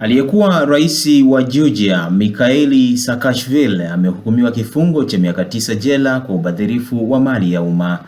Aliyekuwa rais wa Georgia Mikhail Saakashvili amehukumiwa kifungo cha miaka tisa jela kwa ubadhirifu wa mali ya umma.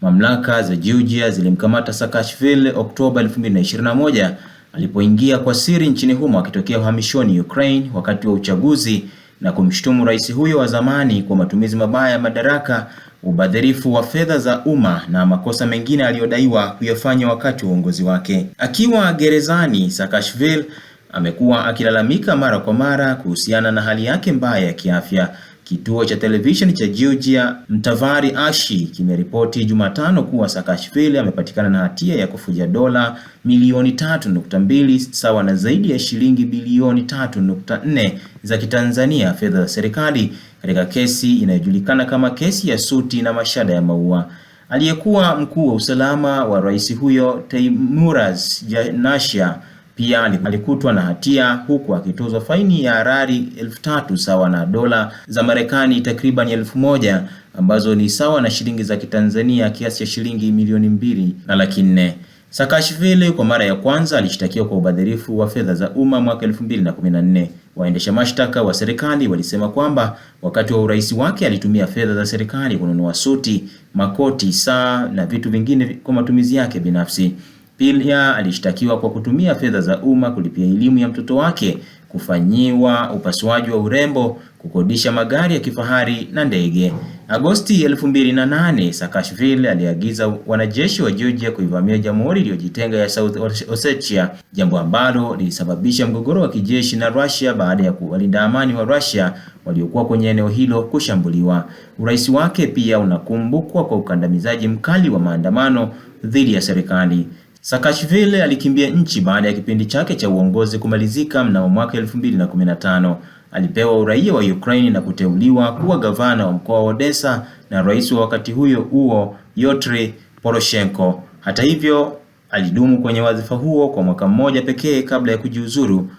Mamlaka za Georgia zilimkamata Saakashvili Oktoba 2021 alipoingia kwa siri nchini humo akitokea uhamishoni Ukraine wakati wa uchaguzi na kumshutumu rais huyo wa zamani kwa matumizi mabaya ya madaraka, ubadhirifu wa fedha za umma na makosa mengine aliyodaiwa kuyafanya wakati wa uongozi wake. Akiwa gerezani, Saakashvili amekuwa akilalamika mara kwa mara kuhusiana na hali yake mbaya ya kiafya. Kituo cha televisheni cha Georgia Mtavari Ashi kimeripoti Jumatano kuwa Saakashvili amepatikana na hatia ya kufuja dola milioni 3.2 sawa na zaidi ya shilingi bilioni 3.4 za Kitanzania, fedha za serikali katika kesi inayojulikana kama kesi ya suti na mashada ya maua. Aliyekuwa mkuu wa usalama wa rais huyo Teimuraz Janashia pia alikutwa na hatia huku akitozwa faini ya harari elfu tatu sawa na dola za Marekani takriban elfu moja ambazo ni sawa na shilingi za Kitanzania kiasi cha shilingi milioni mbili na laki nne. Saakashvili kwa mara ya kwanza alishtakiwa kwa ubadhirifu wa fedha za umma mwaka 2014. Waendesha mashtaka wa serikali walisema kwamba wakati wa urais wake alitumia fedha za serikali kununua suti, makoti, saa na vitu vingine kwa matumizi yake binafsi. Pilya alishtakiwa kwa kutumia fedha za umma kulipia elimu ya mtoto wake, kufanyiwa upasuaji wa urembo, kukodisha magari ya kifahari na ndege. Agosti 2008, Saakashvili aliagiza wanajeshi wa Georgia kuivamia jamhuri iliyojitenga ya South Ossetia, jambo ambalo lilisababisha mgogoro wa kijeshi na Russia baada ya walinda amani wa Russia waliokuwa kwenye eneo hilo kushambuliwa. Urais wake pia unakumbukwa kwa ukandamizaji mkali wa maandamano dhidi ya serikali. Saakashvili alikimbia nchi baada ya kipindi chake cha uongozi kumalizika mnamo mwaka 2015. Alipewa uraia wa Ukraine na kuteuliwa kuwa gavana wa mkoa wa Odessa na rais wa wakati huyo huo Yotri Poroshenko. Hata hivyo, alidumu kwenye wadhifa huo kwa mwaka mmoja pekee kabla ya kujiuzuru,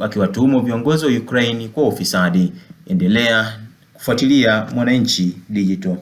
akiwatuhumu viongozi wa Ukraine kwa ufisadi. Endelea kufuatilia Mwananchi Digital.